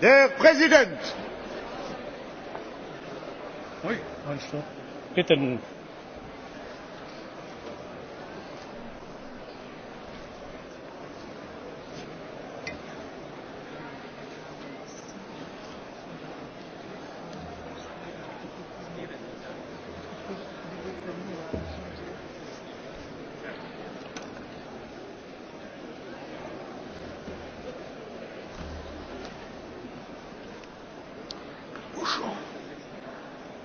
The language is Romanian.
Der Präsident! Ui, meinst du? Bitte.